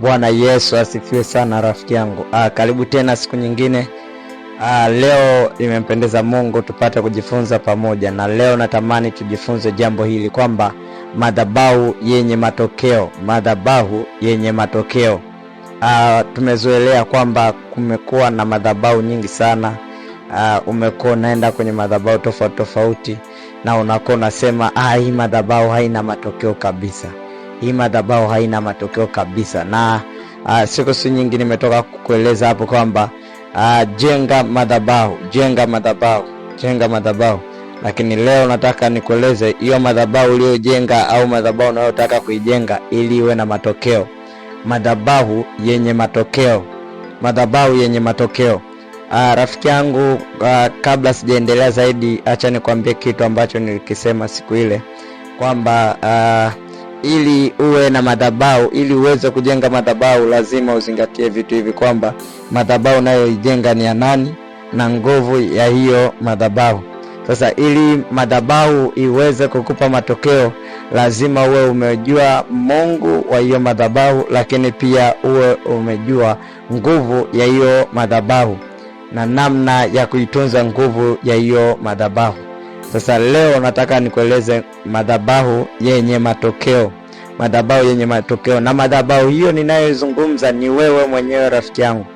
Bwana Yesu asifiwe sana rafiki yangu. Ah, karibu tena siku nyingine. Ah, leo imempendeza Mungu tupate kujifunza pamoja, na leo natamani tujifunze jambo hili kwamba madhabahu yenye matokeo, madhabahu yenye matokeo. Ah, tumezoelea kwamba kumekuwa na madhabahu nyingi sana. Ah, umekuwa unaenda kwenye madhabahu tofauti tofauti na unakuwa unasema ah, hii madhabahu haina matokeo kabisa hii madhabahu haina matokeo kabisa. Na uh, siku si nyingi nimetoka kueleza hapo kwamba uh, jenga madhabahu, jenga madhabahu, jenga madhabahu. Lakini leo nataka nikueleze hiyo madhabahu uliyojenga au madhabahu unayotaka kuijenga ili iwe na matokeo, madhabahu yenye matokeo, madhabahu yenye matokeo. Uh, rafiki yangu uh, kabla sijaendelea zaidi, acha nikwambie kitu ambacho nilikisema siku ile kwamba uh, ili uwe na madhabahu, ili uweze kujenga madhabahu, lazima uzingatie vitu hivi kwamba madhabahu unayoijenga ni ya nani na nguvu ya hiyo madhabahu. Sasa ili madhabahu iweze kukupa matokeo, lazima uwe umejua Mungu wa hiyo madhabahu, lakini pia uwe umejua nguvu ya hiyo madhabahu na namna ya kuitunza nguvu ya hiyo madhabahu. Sasa leo nataka nikueleze madhabahu yenye matokeo, madhabahu yenye matokeo. Na madhabahu hiyo ninayozungumza ni wewe mwenyewe, rafiki yangu,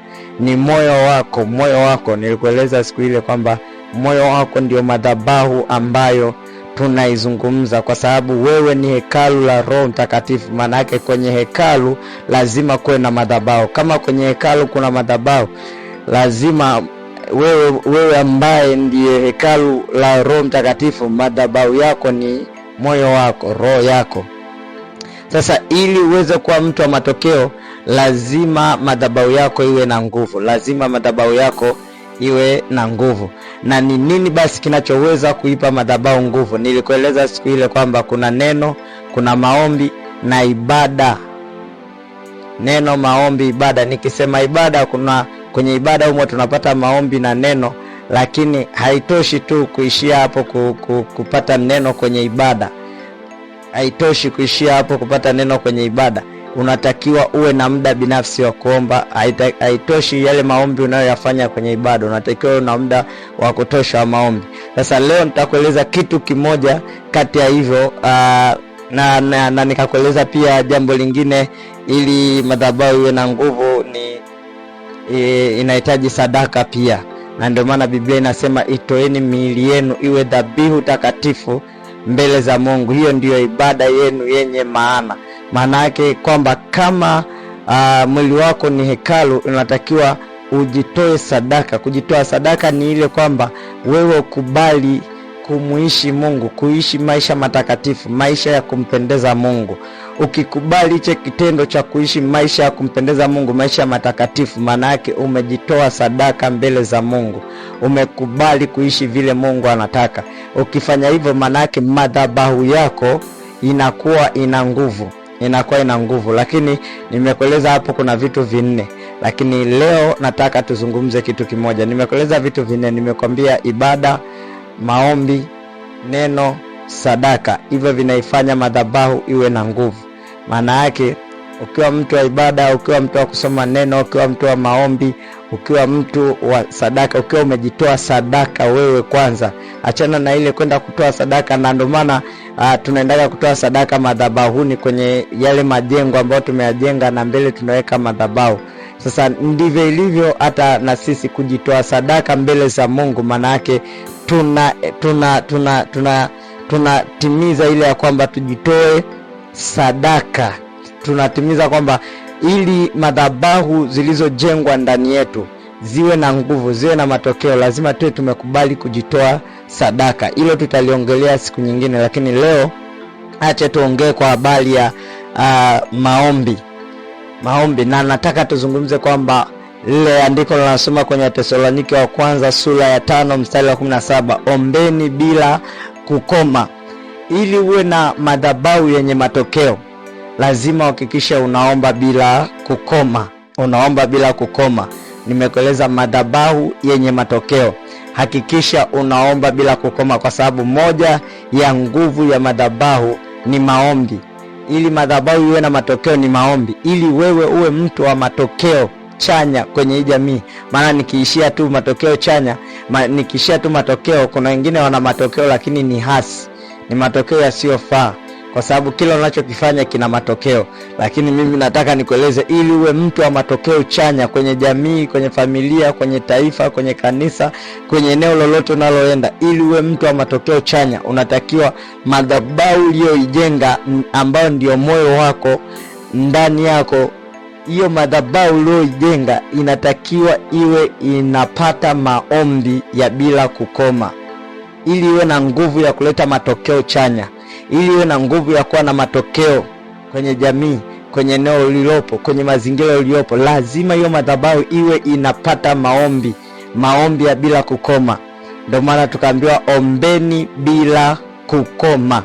ni moyo wako. Moyo wako nilikueleza siku ile kwamba moyo wako ndio madhabahu ambayo tunaizungumza kwa sababu wewe ni hekalu la Roho Mtakatifu. Maana yake kwenye hekalu lazima kuwe na madhabahu. Kama kwenye hekalu kuna madhabahu, lazima wewe, wewe ambaye ndiye hekalu la Roho Mtakatifu, madhabahu yako ni moyo wako, roho yako. Sasa ili uweze kuwa mtu wa matokeo, lazima madhabahu yako iwe na nguvu, lazima madhabahu yako iwe na nguvu. Na ni nini basi kinachoweza kuipa madhabahu nguvu? Nilikueleza siku ile kwamba kuna neno, kuna maombi na ibada. Neno, maombi, ibada. Nikisema ibada, kuna kwenye ibada humo tunapata maombi na neno, lakini haitoshi tu kuishia hapo ku, ku, kupata neno kwenye ibada. Haitoshi kuishia hapo kupata neno kwenye ibada, unatakiwa uwe na muda binafsi wa kuomba. Haitoshi yale maombi unayoyafanya kwenye ibada, unatakiwa uwe na muda wa kutosha wa maombi. Sasa leo nitakueleza kitu kimoja kati ya hivyo uh, na, na, na nikakueleza pia jambo lingine ili madhabahu iwe na nguvu ni inahitaji sadaka pia, na ndio maana Biblia inasema itoeni miili yenu iwe dhabihu takatifu mbele za Mungu. Hiyo ndiyo ibada yenu yenye maana. Maana yake kwamba kama uh, mwili wako ni hekalu, unatakiwa ujitoe sadaka. Kujitoa sadaka ni ile kwamba wewe ukubali kumuishi Mungu, kuishi maisha matakatifu, maisha ya kumpendeza Mungu. Ukikubali hicho kitendo cha kuishi maisha ya kumpendeza Mungu, maisha matakatifu, maana yake umejitoa sadaka mbele za Mungu, umekubali kuishi vile Mungu anataka. Ukifanya hivyo, maana yake madhabahu yako inakuwa ina nguvu, inakuwa ina nguvu. Lakini nimekueleza hapo kuna vitu vinne, lakini leo nataka tuzungumze kitu kimoja. Nimekueleza vitu vinne, nimekwambia ibada, maombi, neno sadaka, hivyo vinaifanya madhabahu iwe na nguvu. Maana yake ukiwa mtu wa ibada, ukiwa mtu wa kusoma neno, ukiwa mtu wa maombi, ukiwa mtu wa sadaka, ukiwa umejitoa sadaka wewe kwanza, achana na ile kwenda kutoa sadaka. Na ndio maana uh, tunaendaga kutoa sadaka madhabahuni kwenye yale majengo ambayo tumeyajenga, na mbele tunaweka madhabahu. Sasa ndivyo ilivyo hata na sisi kujitoa sadaka mbele za Mungu, maana yake tuna tuna tuna, tuna tunatimiza ile ya kwamba tujitoe sadaka, tunatimiza kwamba ili madhabahu zilizojengwa ndani yetu ziwe na nguvu, ziwe na matokeo, lazima tuwe tumekubali kujitoa sadaka. Hilo tutaliongelea siku nyingine, lakini leo acha tuongee kwa habari ya uh, maombi maombi, na nataka tuzungumze kwamba lile andiko linasoma kwenye Watesalonike wa kwanza sura ya tano mstari wa 17, ombeni bila kukoma. Ili uwe na madhabahu yenye matokeo, lazima uhakikishe unaomba bila kukoma, unaomba bila kukoma. Nimekueleza madhabahu yenye matokeo, hakikisha unaomba bila kukoma, kwa sababu moja ya nguvu ya madhabahu ni maombi. Ili madhabahu iwe na matokeo ni maombi. Ili wewe uwe mtu wa matokeo chanya kwenye hii jamii, maana nikiishia tu matokeo chanya ma, nikiishia tu matokeo, kuna wengine wana matokeo lakini ni hasi, ni matokeo yasiyofaa kwa sababu kila unachokifanya kina matokeo, lakini mimi nataka nikueleze, ili uwe mtu wa matokeo chanya kwenye jamii, kwenye familia, kwenye taifa, kwenye kanisa, kwenye eneo lolote unaloenda, ili uwe mtu wa matokeo chanya, unatakiwa madhabahu uliyoijenga, ambayo ndio moyo wako ndani yako hiyo madhabahu uliyoijenga inatakiwa iwe inapata maombi ya bila kukoma, ili iwe na nguvu ya kuleta matokeo chanya, ili iwe na nguvu ya kuwa na matokeo kwenye jamii, kwenye eneo ulilopo, kwenye mazingira uliyopo. Lazima hiyo madhabahu iwe inapata maombi, maombi ya bila kukoma. Ndio maana tukaambiwa ombeni bila kukoma.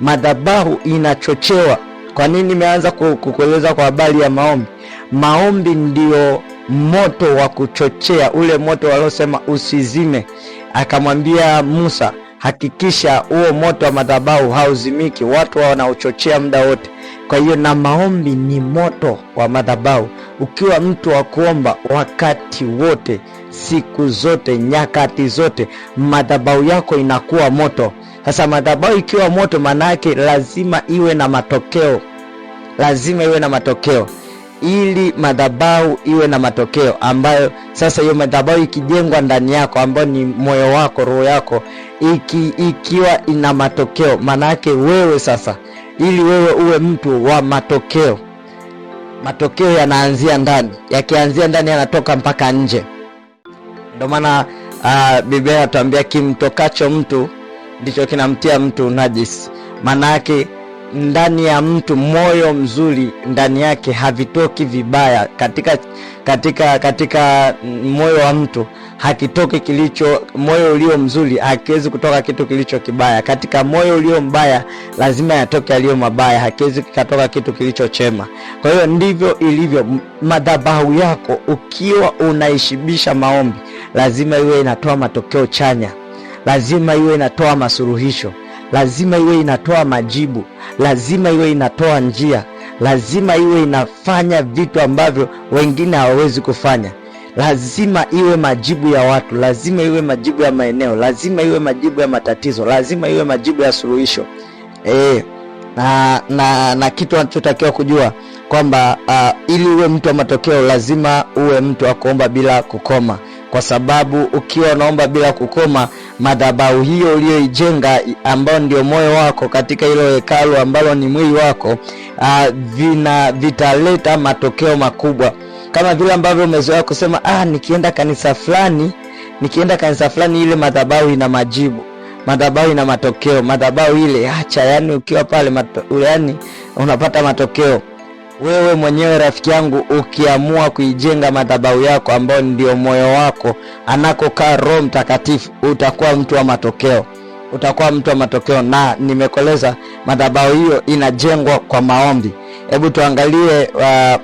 Madhabahu inachochewa. Kwa nini nimeanza kukueleza kwa habari ya maombi? Maombi ndio moto wa kuchochea ule moto waliosema usizime. Akamwambia Musa, hakikisha huo moto wa madhabahu hauzimiki, watu wanaochochea muda wote. Kwa hiyo na maombi ni moto wa madhabahu. Ukiwa mtu wa kuomba wakati wote, siku zote, nyakati zote, madhabahu yako inakuwa moto. Sasa madhabahu ikiwa moto, maana yake lazima iwe na matokeo, lazima iwe na matokeo ili madhabahu iwe na matokeo ambayo sasa, hiyo madhabahu ikijengwa ndani yako, ambayo ni moyo wako, roho yako, iki, ikiwa ina matokeo, maana yake wewe sasa, ili wewe uwe mtu wa matokeo. Matokeo yanaanzia ndani, yakianzia ndani yanatoka mpaka nje. Ndio maana uh, Biblia anatuambia kimtokacho mtu ndicho kinamtia mtu najisi, maana yake ndani ya mtu moyo mzuri ndani yake havitoki vibaya katika, katika, katika moyo wa mtu hakitoki kilicho, moyo ulio mzuri hakiwezi kutoka kitu kilicho kibaya. Katika moyo ulio mbaya lazima yatoke yaliyo mabaya, hakiwezi kikatoka kitu kilicho chema. Kwa hiyo ndivyo ilivyo madhabahu yako, ukiwa unaishibisha maombi lazima iwe inatoa matokeo chanya, lazima iwe inatoa masuruhisho lazima iwe inatoa majibu, lazima iwe inatoa njia, lazima iwe inafanya vitu ambavyo wengine hawawezi kufanya. Lazima iwe majibu ya watu, lazima iwe majibu ya maeneo, lazima iwe majibu ya matatizo, lazima iwe majibu ya suluhisho e. Na, na, na kitu anachotakiwa kujua kwamba uh, ili uwe mtu wa matokeo lazima uwe mtu wa kuomba bila kukoma kwa sababu ukiwa unaomba bila kukoma, madhabahu hiyo uliyoijenga ambayo ndio moyo wako katika hilo hekalu ambalo ni mwili wako, uh, vina vitaleta matokeo makubwa, kama vile ambavyo umezoea kusema ah, nikienda kanisa fulani, nikienda kanisa fulani, ile madhabahu ina majibu madhabahu ina matokeo. Madhabahu ile acha, yani ukiwa pale yani unapata matokeo. Wewe mwenyewe rafiki yangu, ukiamua kuijenga madhabahu yako ambayo ndio moyo wako anakokaa Roho Mtakatifu, utakuwa mtu wa matokeo, utakuwa mtu wa matokeo. Na nimekoleza madhabahu hiyo inajengwa kwa maombi. Hebu tuangalie uh,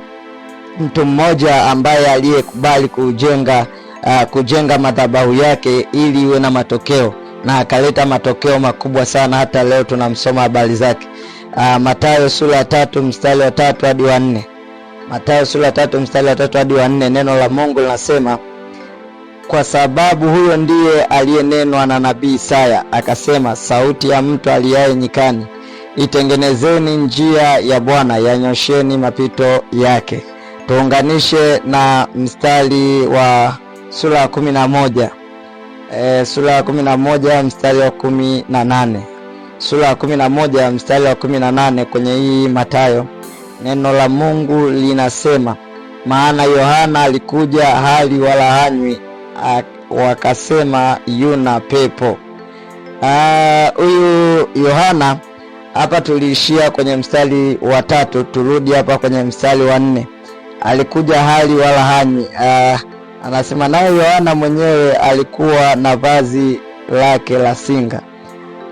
mtu mmoja ambaye aliyekubali kujenga uh, kujenga madhabahu yake ili iwe na matokeo na akaleta matokeo makubwa sana. Hata leo tunamsoma habari zake uh, Mathayo sura ya tatu mstari wa tatu hadi wa nne. Mathayo sura ya tatu mstari wa tatu hadi wa nne, neno la Mungu linasema kwa sababu huyo ndiye aliyenenwa na nabii Isaya akasema, sauti ya mtu aliaye nyikani, itengenezeni njia ya Bwana, yanyosheni mapito yake. Tuunganishe na mstari wa sura ya kumi na moja e, sura ya kumi na moja mstari wa kumi na nane sura ya kumi na moja mstari wa kumi na nane kwenye hii Mathayo, neno la Mungu linasema, maana Yohana alikuja hali wala hanywi, wakasema yuna pepo. Huyu Yohana hapa tuliishia kwenye mstari wa tatu, turudi hapa kwenye mstari wa nne. Alikuja hali wala hanywi, ah, anasema naye Yohana mwenyewe alikuwa na vazi lake la singa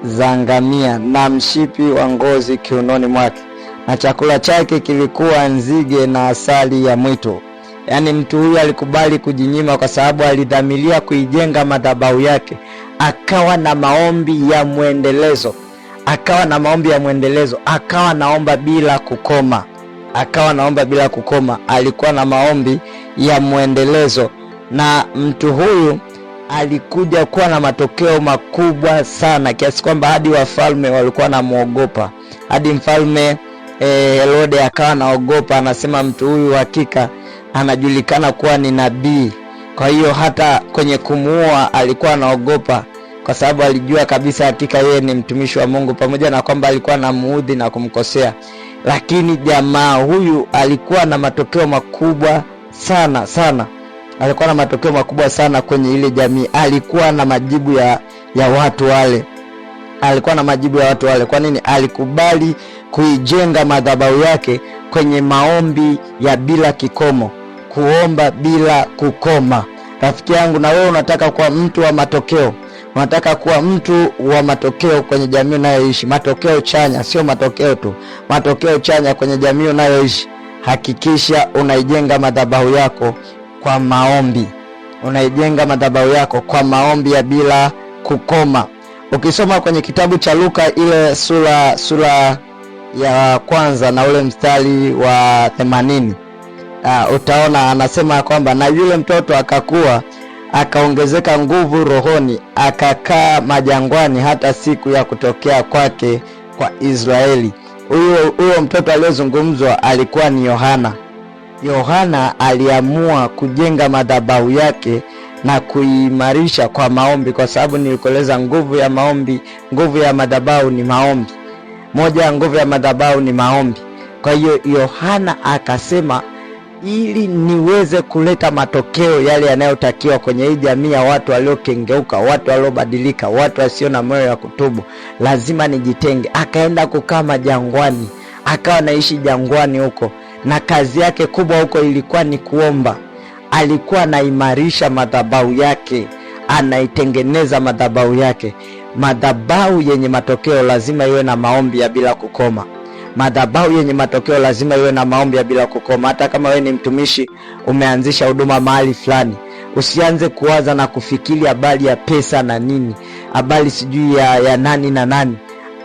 za ngamia na mshipi wa ngozi kiunoni mwake, na chakula chake kilikuwa nzige na asali ya mwito. Yaani mtu huyu alikubali kujinyima kwa sababu alidhamiria kuijenga madhabahu yake, akawa na maombi ya mwendelezo, akawa na maombi ya mwendelezo, akawa naomba bila kukoma, akawa naomba bila kukoma. Alikuwa na maombi ya mwendelezo, na mtu huyu alikuja kuwa na matokeo makubwa sana kiasi kwamba hadi wafalme walikuwa namwogopa, hadi mfalme eh, Herode akawa naogopa, anasema mtu huyu hakika anajulikana kuwa ni nabii. Kwa hiyo hata kwenye kumuua alikuwa anaogopa, kwa sababu alijua kabisa hakika yeye ni mtumishi wa Mungu, pamoja na kwamba alikuwa na muudhi na kumkosea, lakini jamaa huyu alikuwa na matokeo makubwa sana sana alikuwa na matokeo makubwa sana kwenye ile jamii. Alikuwa na majibu ya, ya watu wale, alikuwa na majibu ya watu wale. Kwa nini? Alikubali kuijenga madhabahu yake kwenye maombi ya bila kikomo, kuomba bila kukoma. Rafiki yangu, na wewe unataka kuwa mtu wa matokeo, unataka kuwa mtu wa matokeo kwenye jamii unayoishi, matokeo chanya, sio matokeo tu, matokeo chanya kwenye jamii unayoishi. Hakikisha unaijenga madhabahu yako kwa maombi, unaijenga madhabahu yako kwa maombi ya bila kukoma. Ukisoma kwenye kitabu cha Luka ile sura sura ya kwanza na ule mstari wa themanini uh, utaona anasema kwamba na yule mtoto akakuwa akaongezeka nguvu rohoni, akakaa majangwani hata siku ya kutokea kwake kwa Israeli. Huyo huyo mtoto aliyezungumzwa alikuwa ni Yohana. Yohana aliamua kujenga madhabahu yake na kuimarisha kwa maombi, kwa sababu nilikueleza nguvu ya maombi, nguvu ya madhabahu ni maombi. Moja ya nguvu ya madhabahu ni maombi. Kwa hiyo Yohana akasema ili niweze kuleta matokeo yale yanayotakiwa kwenye hii jamii ya watu waliokengeuka, watu waliobadilika, watu wasio na moyo ya kutubu, lazima nijitenge. Akaenda kukaa majangwani, akawa naishi jangwani huko na kazi yake kubwa huko ilikuwa ni kuomba. Alikuwa anaimarisha madhabahu yake, anaitengeneza madhabahu yake. Madhabahu yenye matokeo lazima iwe na maombi ya bila kukoma. Madhabahu yenye matokeo lazima iwe na maombi ya bila kukoma. Hata kama wewe ni mtumishi, umeanzisha huduma mahali fulani, usianze kuwaza na kufikiri habari ya pesa na nini, habari sijui ya, ya nani na nani.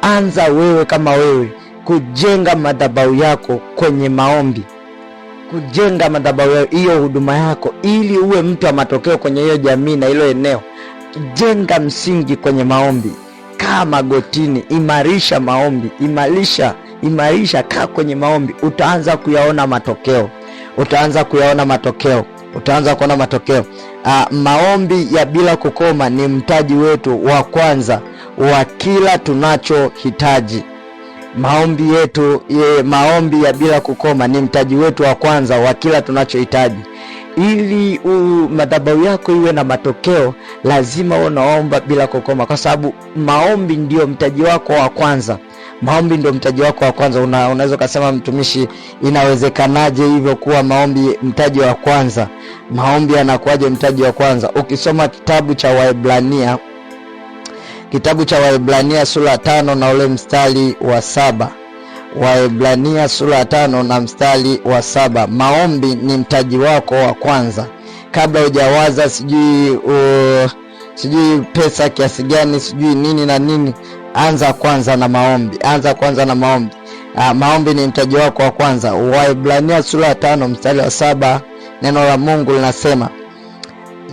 Anza wewe kama wewe kujenga madhabahu yako kwenye maombi, kujenga madhabahu hiyo huduma yako, ili uwe mtu wa matokeo kwenye hiyo jamii na hilo eneo. Jenga msingi kwenye maombi, kaa magotini, imarisha maombi, imarisha imarisha, kaa kwenye maombi, utaanza kuyaona matokeo, utaanza kuyaona matokeo, utaanza kuona matokeo. Aa, ah, maombi ya bila kukoma ni mtaji wetu wa kwanza wa kila tunachohitaji. Maombi yetu ye, maombi ya bila kukoma ni mtaji wetu wa kwanza wa kila tunachohitaji. Ili madhabahu yako iwe na matokeo, lazima unaomba bila kukoma, kwa sababu maombi ndio mtaji wako wa kwanza. Maombi ndio mtaji wako wa kwanza. Una, unaweza ukasema mtumishi, inawezekanaje hivyo kuwa maombi mtaji wa kwanza? Maombi yanakuwaje mtaji wa kwanza? Ukisoma kitabu cha Waebrania Kitabu cha Waebrania sura ya tano na ule mstari wa saba. Waebrania sura ya tano na mstari wa saba. Maombi ni mtaji wako wa kwanza, kabla hujawaza sijui uh, sijui pesa kiasi gani sijui nini na nini, anza kwanza na maombi, anza kwanza na maombi. Uh, maombi ni mtaji wako wa kwanza. Waebrania sura ya tano mstari wa saba, neno la Mungu linasema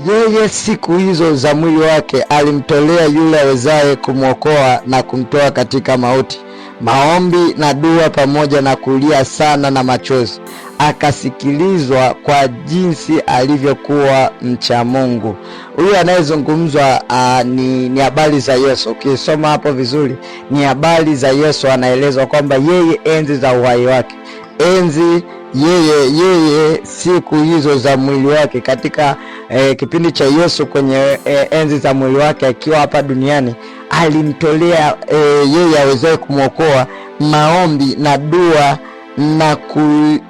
yeye siku hizo za mwili wake alimtolea yule awezaye kumwokoa na kumtoa katika mauti maombi na dua pamoja na kulia sana na machozi, akasikilizwa kwa jinsi alivyokuwa mcha Mungu. Huyu anayezungumzwa uh, ni, ni habari za Yesu. Ukisoma hapo vizuri, ni habari za Yesu, anaelezwa kwamba yeye enzi za uhai wake enzi yeye yeye siku hizo za mwili wake katika eh, kipindi cha Yesu kwenye eh, enzi za mwili wake akiwa hapa duniani alimtolea eh, yeye awezaye kumwokoa maombi na dua na, ku,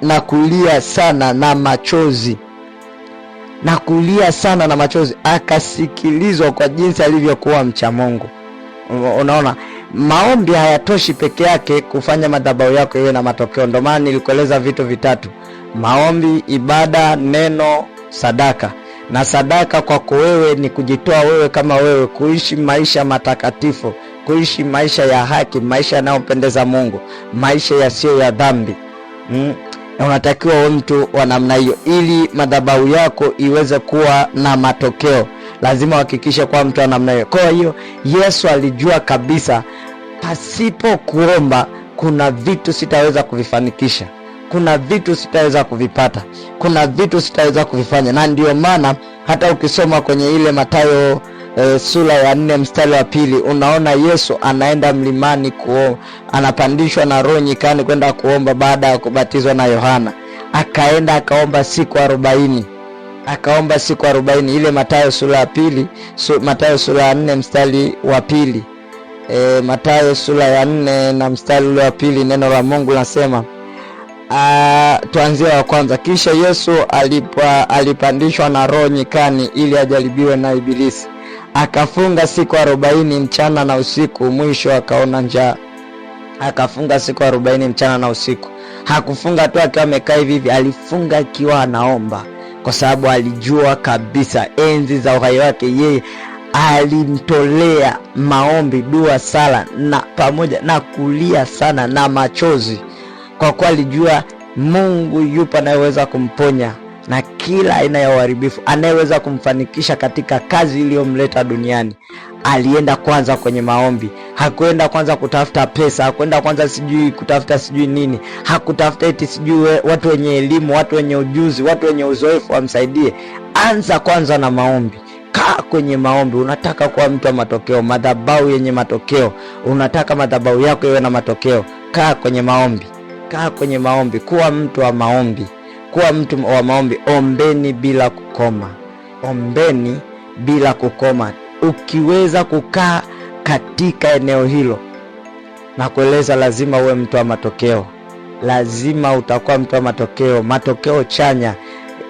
na kulia sana na machozi na kulia sana na machozi, akasikilizwa kwa jinsi alivyokuwa mcha Mungu. Unaona maombi hayatoshi peke yake kufanya madhabahu yako iwe na matokeo. Ndio maana nilikueleza vitu vitatu: maombi, ibada, neno, sadaka. Na sadaka kwako wewe ni kujitoa wewe kama wewe, kuishi maisha matakatifu, kuishi maisha ya haki, maisha yanayompendeza Mungu, maisha yasiyo ya dhambi mm. Unatakiwa wewe mtu wa namna hiyo, ili madhabahu yako iweze kuwa na matokeo lazima uhakikishe kwa mtu namna hiyo. Kwa hiyo Yesu alijua kabisa, pasipo kuomba kuna vitu sitaweza kuvifanikisha, kuna vitu sitaweza kuvipata, kuna vitu sitaweza kuvifanya. Na ndio maana hata ukisoma kwenye ile Mathayo E, sura ya nne mstari wa pili unaona Yesu anaenda mlimani kuomba, anapandishwa na Roho nyikani kwenda kuomba baada ya kubatizwa na Yohana. Akaenda akaomba siku arobaini akaomba siku arobaini, ile Mathayo sura ya pili, Mathayo sura ya nne mstari wa pili. E, Mathayo sura ya nne na mstari ule wa pili, neno la Mungu nasema tuanzie wa kwanza. Kisha Yesu alipa, alipandishwa na Roho nyikani ili ajaribiwe na Ibilisi, akafunga siku arobaini mchana na usiku, mwisho akaona njaa. Akafunga siku arobaini mchana na usiku. Hakufunga tu akiwa amekaa hivi hivi, alifunga akiwa anaomba kwa sababu alijua kabisa enzi za uhai wake yeye alimtolea maombi, dua, sala na pamoja na kulia sana na machozi, kwa kuwa alijua Mungu yupo anayeweza kumponya kila aina ya uharibifu. Anayeweza kumfanikisha katika kazi iliyomleta duniani alienda kwanza kwenye maombi, hakuenda kwanza kutafuta pesa, hakuenda kwanza sijui kutafuta sijui nini, hakutafuta eti sijui watu wenye elimu, watu wenye ujuzi, watu wenye uzoefu wamsaidie. Anza kwanza na maombi. Kaa kwenye maombi. Unataka kuwa mtu wa matokeo, madhabahu yenye matokeo. Unataka madhabahu yako iwe na matokeo. Kaa kwenye maombi, kaa kwenye maombi, kuwa mtu wa maombi kuwa mtu wa maombi. Ombeni bila kukoma, ombeni bila kukoma. Ukiweza kukaa katika eneo hilo na kueleza, lazima uwe mtu wa matokeo, lazima utakuwa mtu wa matokeo, matokeo chanya.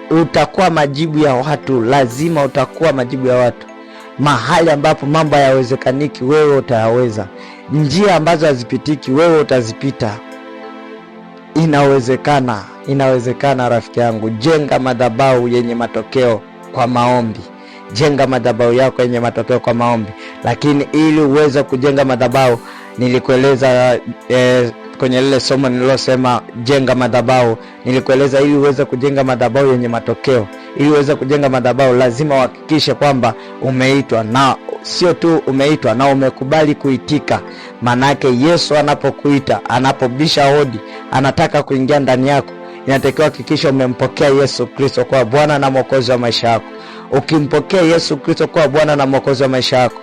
Utakuwa majibu ya watu, lazima utakuwa majibu ya watu. Mahali ambapo mambo hayawezekaniki, wewe utayaweza. Njia ambazo hazipitiki, wewe utazipita. Inawezekana, inawezekana rafiki yangu. Jenga madhabahu yenye matokeo kwa maombi. Jenga madhabahu yako yenye matokeo kwa maombi, lakini ili uweze kujenga madhabahu nilikueleza eh, kwenye lile somo nililosema jenga madhabahu, nilikueleza ili uweze kujenga madhabahu yenye matokeo, ili uweze kujenga madhabahu lazima uhakikishe kwamba umeitwa, na sio tu umeitwa na umekubali kuitika. Maanake Yesu anapokuita, anapobisha hodi, anataka kuingia ndani yako, inatakiwa hakikisha umempokea Yesu Kristo kwa Bwana na Mwokozi wa maisha yako. Ukimpokea Yesu Kristo kwa Bwana na Mwokozi wa maisha yako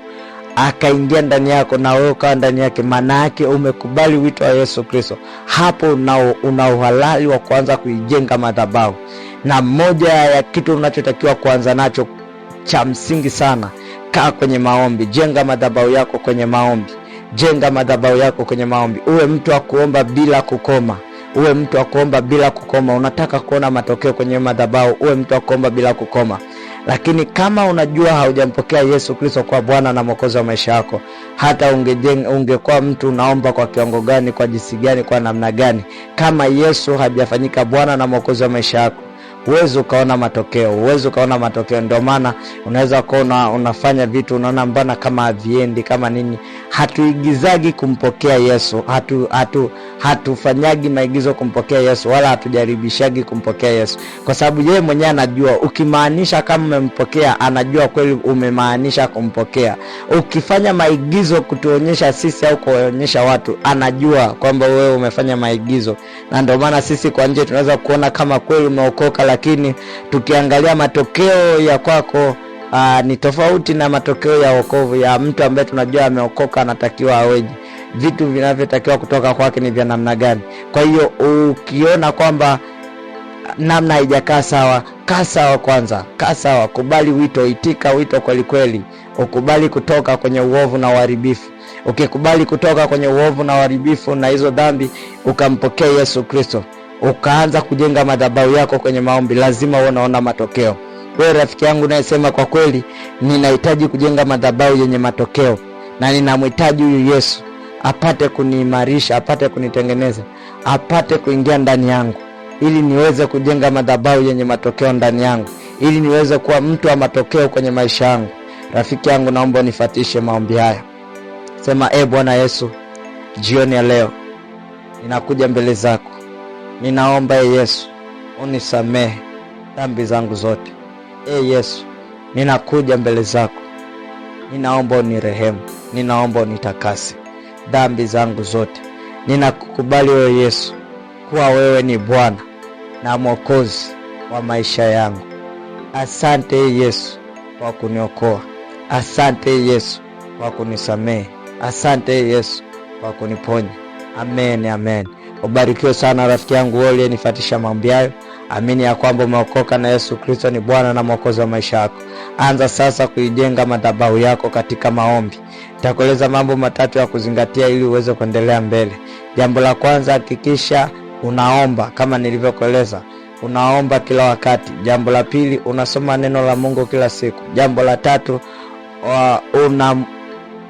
akaingia ndani yako na wewe ukawa ndani yake, maana yake umekubali wito wa Yesu Kristo. Hapo una uhalali wa kuanza kuijenga madhabahu, na moja ya kitu unachotakiwa kuanza nacho cha msingi sana, kaa kwenye maombi. Jenga madhabahu yako kwenye maombi, jenga madhabahu yako kwenye maombi. Uwe mtu wa kuomba bila kukoma uwe mtu wa kuomba bila kukoma. Unataka kuona matokeo kwenye madhabahu, uwe mtu wa kuomba bila kukoma. Lakini kama unajua haujampokea Yesu Kristo kwa Bwana na Mwokozi wa maisha yako, hata ungekuwa mtu unaomba kwa kiwango gani, kwa jinsi gani, kwa namna gani, kama Yesu hajafanyika Bwana na Mwokozi wa maisha yako huwezi ukaona matokeo, huwezi ukaona matokeo. Ndio maana unaweza ukaona unafanya vitu, unaona mbana kama haviendi kama nini. Hatuigizagi kumpokea Yesu, hatu, hatu, hatufanyagi maigizo kumpokea Yesu wala hatujaribishagi kumpokea Yesu, kwa sababu yeye mwenyewe anajua. Ukimaanisha kama umempokea, anajua kweli umemaanisha kumpokea. Ukifanya maigizo kutuonyesha sisi au kuwaonyesha watu, anajua kwamba wewe umefanya maigizo. Na ndio maana sisi kwa nje tunaweza kuona kama kweli umeokoka, lakini tukiangalia matokeo ya kwako Uh, ni tofauti na matokeo ya wokovu ya mtu ambaye tunajua ameokoka, anatakiwa aweje? vitu vinavyotakiwa kutoka kwake ni vya namna gani. Kwa hiyo ukiona kwamba namna haijakaa sawa, kaa sawa kwanza, kaa sawa, kubali wito, itika wito kweli kweli, ukubali kutoka kwenye uovu na uharibifu. Ukikubali kutoka kwenye uovu na uharibifu na hizo dhambi, ukampokea Yesu Kristo, ukaanza kujenga madhabahu yako kwenye maombi, lazima unaona matokeo. Wewe rafiki yangu unayesema kwa kweli, ninahitaji kujenga madhabahu yenye matokeo na ninamhitaji huyu Yesu apate kuniimarisha, apate kunitengeneza, apate kuingia ndani yangu, ili niweze kujenga madhabahu yenye matokeo ndani yangu, ili niweze kuwa mtu wa matokeo kwenye maisha yangu. Rafiki yangu, naomba unifatishe maombi haya. Sema, e Bwana Yesu, jioni ya leo ninakuja mbele zako, ninaomba e Yesu unisamehe dhambi zangu zote. E Yesu, ninakuja mbele zako, ninaomba unirehemu, ninaomba unitakase dhambi zangu zote. Ninakukubali wewe Yesu kuwa wewe ni Bwana na Mwokozi wa maisha yangu. Asante Yesu kwa kuniokoa. Asante Yesu kwa kunisamehe. Asante Yesu kwa kuniponya. Amen, amen. Ubarikiwe sana rafiki yangu wewe uliyenifuatisha maombi hayo. Amini ya kwamba umeokoka na Yesu Kristo ni Bwana na Mwokozi wa maisha yako. Anza sasa kuijenga madhabahu yako katika maombi. Nitakueleza mambo matatu ya kuzingatia ili uweze kuendelea mbele. Jambo la kwanza, hakikisha unaomba kama nilivyokueleza unaomba kila wakati. Jambo la pili, unasoma neno la Mungu kila siku. Jambo la tatu, uh, una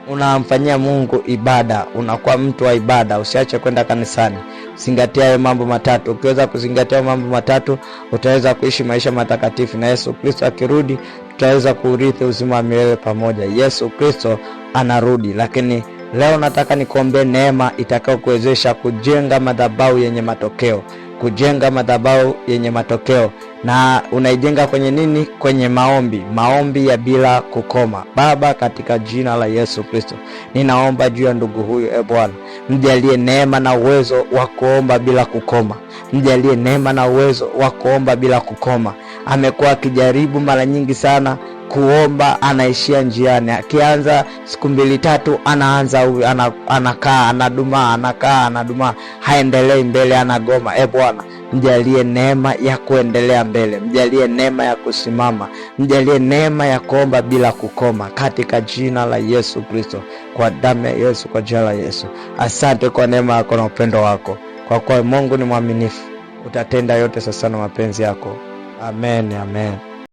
unamfanyia Mungu ibada, unakuwa mtu wa ibada. Usiache kwenda kanisani. Zingatia hayo mambo matatu. Ukiweza kuzingatia mambo matatu, utaweza kuishi maisha matakatifu, na Yesu Kristo akirudi, tutaweza kuurithi uzima wa milele pamoja. Yesu Kristo anarudi, lakini leo nataka nikuombee neema itakayokuwezesha kujenga madhabahu yenye matokeo, kujenga madhabahu yenye matokeo na unaijenga kwenye nini? Kwenye maombi, maombi ya bila kukoma. Baba, katika jina la Yesu Kristo, ninaomba juu ya ndugu huyu. E Bwana, mjalie neema na uwezo wa kuomba bila kukoma, mjalie neema na uwezo wa kuomba bila kukoma. Amekuwa akijaribu mara nyingi sana kuomba anaishia njiani, akianza siku mbili tatu, anaanza anakaa, anadumaa, anakaa, anadumaa, haendelei mbele, anagoma. E Bwana, mjalie neema ya kuendelea mbele, mjalie neema ya kusimama, mjalie neema ya kuomba bila kukoma, katika jina la Yesu Kristo, kwa damu ya Yesu, kwa jina la Yesu. Asante kwa neema yako na upendo wako, kwa kuwa Mungu ni mwaminifu, utatenda yote sasa na mapenzi yako. Amen, amen.